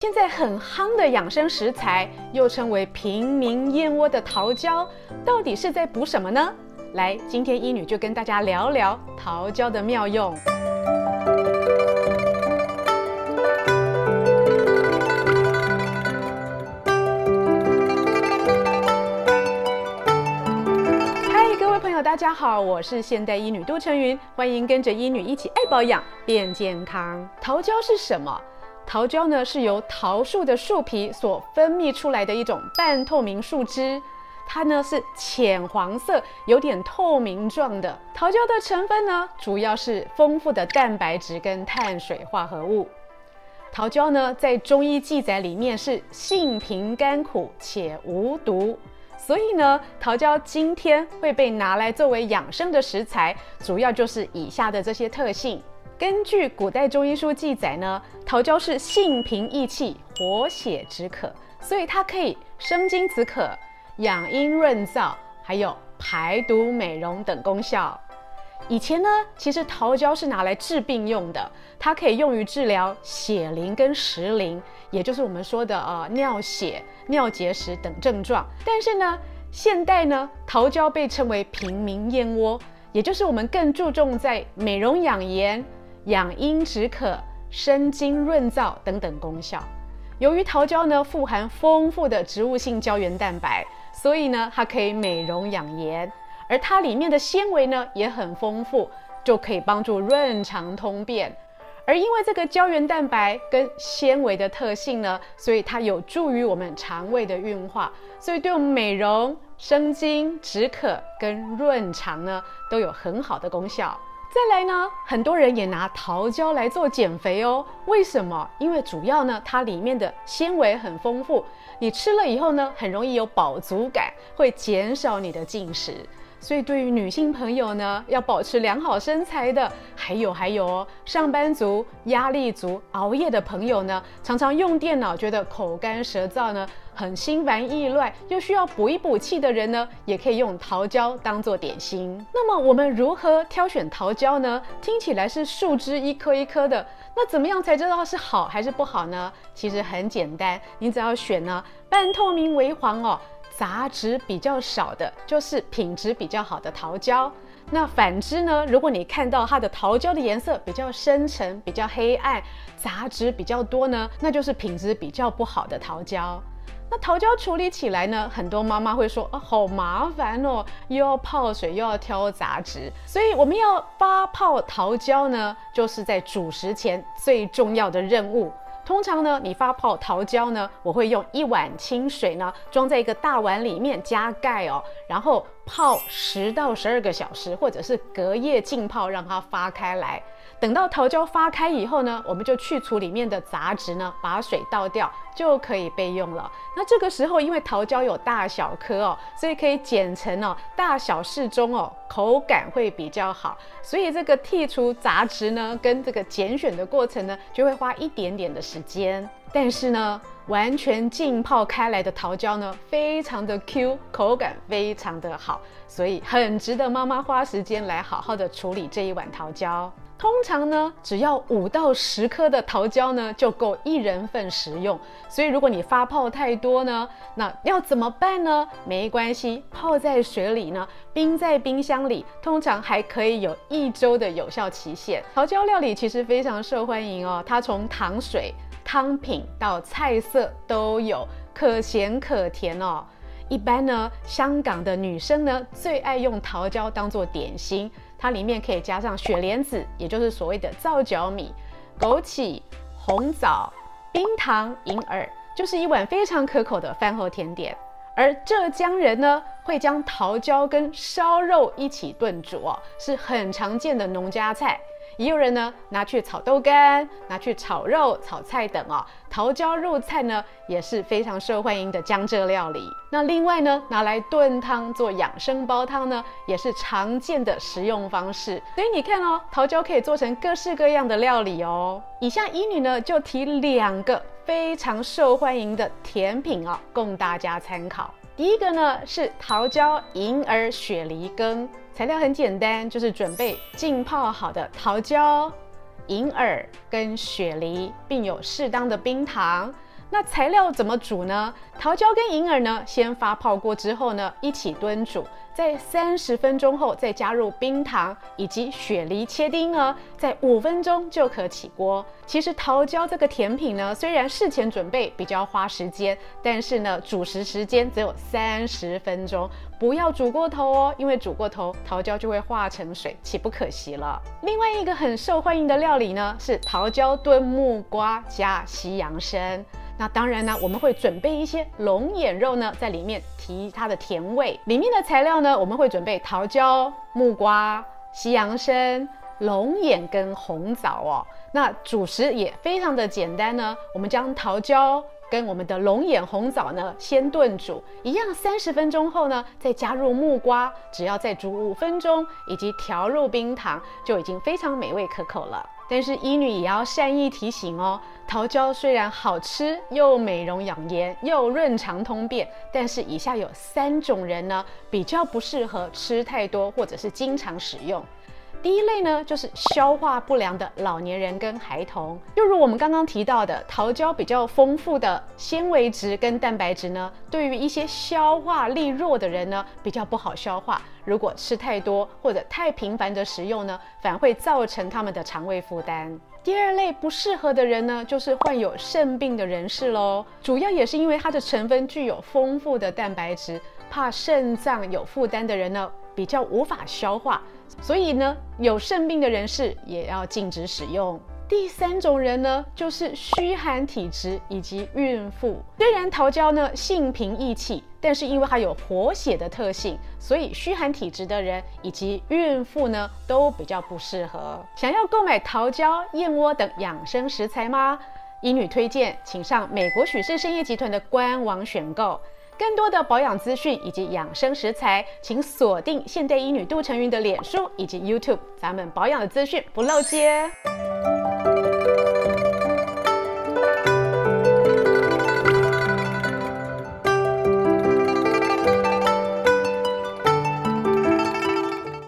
現在很夯的養生食材，又稱為平民燕窩的桃膠，到底是在補什麼呢？來，今天醫女就跟大家聊聊桃膠的妙用。嗨，各位朋友，大家好，我是現代醫女杜丞蕓，歡迎跟着醫女一起愛保養變健康。桃膠是什麼？桃膠呢，是由桃樹的樹皮所分泌出來的一種半透明樹脂，它呢是淺黃色，有點透明狀的。桃膠的成分呢，主要是豐富的蛋白質跟碳水化合物。桃膠呢，在中醫記載裡面是性平、甘苦且無毒，所以呢，桃膠今天會被拿來作為養生的食材，主要就是以下的這些特性。根據古代中醫書記載呢，桃膠是性平益氣，活血止渴，所以它可以生津止渴、養陰潤燥，還有排毒、美容等功效。以前呢，其實桃膠是拿來治病用的，它可以用於治療血淋跟石淋，也就是我們說的呃尿血、尿結石等症狀。但是呢，現代呢，桃膠被稱為平民燕窩，也就是我們更注重在美容養顏。養陰止渴、生津潤燥等等功效。由於桃膠呢富含豐富的植物性膠原蛋白，所以呢它可以美容養顏，而它裡面的纖維呢也很豐富，就可以幫助潤腸通便。而因為這個膠原蛋白跟纖維的特性呢，所以它有助於我們腸胃的運化，所以對我們美容、生津、止渴跟潤腸呢都有很好的功效。再來呢，很多人也拿桃膠來做減肥哦、喔。為什麼？因為主要呢，它裡面的纖維很豐富，你吃了以後呢，很容易有飽足感，會減少你的進食。所以，對於女性朋友呢，要保持良好身材的，還有還有哦，上班族、壓力族、熬夜的朋友呢，常常用電腦，覺得口乾舌燥呢，很心煩意亂，又需要補一補氣的人呢，也可以用桃膠當做點心。那麼，我們如何挑選桃膠呢？聽起來是樹枝一顆一顆的，那怎麼樣才知道是好還是不好呢？其實很簡單，你只要選呢，半透明為黃哦。雜質比較少的，就是品質比較好的桃膠。那反之呢，如果你看到它的桃膠的顏色比較深沉，比較黑暗，雜質比較多呢，那就是品質比較不好的桃膠。那桃膠處理起來呢，很多媽媽會說啊，好麻煩哦，又要泡水，又要挑雜質。所以我們要發泡桃膠呢，就是在煮食前最重要的任務。通常呢，你發泡桃膠呢，我會用一碗清水呢，裝在一個大碗裡面加蓋哦，然後泡十到十二個小時，或者是隔夜浸泡，讓它發開來。等到桃膠發開以後呢，我們就去除裡面的雜質呢，把水倒掉，就可以備用了。那這個時候，因為桃膠有大小顆哦，所以可以剪成哦，大小適中哦，口感會比較好。所以這個剔除雜質呢，跟這個揀選的過程呢，就會花一點點的時間。但是呢，完全浸泡開來的桃膠呢，非常的 Q，口感非常的好，所以很值得媽媽花時間來好好的處理這一碗桃膠。通常呢，只要五到十顆的桃膠呢，就夠一人份食用。所以如果你發泡太多呢，那要怎麼辦呢？沒關係，泡在水裡呢，冰在冰箱裡，通常還可以有一周的有效期限。桃膠料理其實非常受歡迎哦，它從糖水、湯品到菜色都有，可鹹可甜哦。一般呢，香港的女生呢，最愛用桃膠當做點心。它裡面可以加上雪蓮子，也就是所謂的皂角米、枸杞、紅棗、冰糖、銀耳，就是一碗非常可口的飯後甜點。而浙江人呢，會將桃膠跟燒肉一起燉煮，是很常見的農家菜。也有人呢，拿去炒豆乾、拿去炒肉、炒菜等哦，桃膠入菜呢也是非常受歡迎的江浙料理。那另外呢，拿來燉湯做養生煲湯呢，也是常見的食用方式。所以你看哦，桃膠可以做成各式各樣的料理哦。以下醫女呢就提兩個非常受歡迎的甜品啊，哦，供大家參考。第一個呢是桃膠銀耳雪梨羹，材料很簡單，就是準備浸泡好的桃膠、銀耳跟雪梨，並有適當的冰糖。那材料怎麼煮呢？桃膠跟銀耳呢，先發泡過之後呢，一起燉煮，在三十分鐘後再加入冰糖以及雪梨切丁哦，在五分鐘就可起鍋。其實桃膠這個甜品呢，雖然事前準備比較花時間，但是呢，煮食時間只有三十分鐘，不要煮過頭哦，因為煮過頭桃膠就會化成水，豈不可惜了。另外一個很受歡迎的料理呢，是桃膠燉木瓜加西洋參。那當然呢，我們會準備一些龍眼肉呢，在裡面提它的甜味。裡面的材料呢，我們會準備桃膠、木瓜、西洋參、龍眼跟紅棗哦。那主食也非常的簡單呢，我們將桃膠跟我們的龍眼、紅棗呢先燉煮一樣三十分鐘後呢，再加入木瓜，只要再煮五分鐘，以及調入冰糖，就已經非常美味可口了。但是醫女也要善意提醒哦，桃膠雖然好吃又美容養顏又潤腸通便，但是以下有三種人呢比較不適合吃太多或者是經常食用。第一類呢，就是消化不良的老年人跟孩童。又如我們剛剛提到的，桃膠比較豐富的纖維質跟蛋白質呢，對於一些消化力弱的人呢，比較不好消化。如果吃太多或者太頻繁的食用呢，反而會造成他們的腸胃負擔。第二類不適合的人呢，就是患有腎病的人士嘍。主要也是因為它的成分具有豐富的蛋白質，怕腎臟有負擔的人呢。比較無法消化，所以呢，有腎病的人士也要禁止使用。第三種人呢，就是虛寒體質以及孕婦。雖然桃膠呢性平益氣，但是因為它有活血的特性，所以虛寒體質的人以及孕婦呢都比較不適合。想要購買桃膠、燕窩等養生食材嗎？醫女推薦，請上美國許氏盛業集團的官網選購。更多的保養資訊以及養生食材，請鎖定現代醫女杜丞蕓的臉書以及 YouTube，咱們保養的資訊不漏接。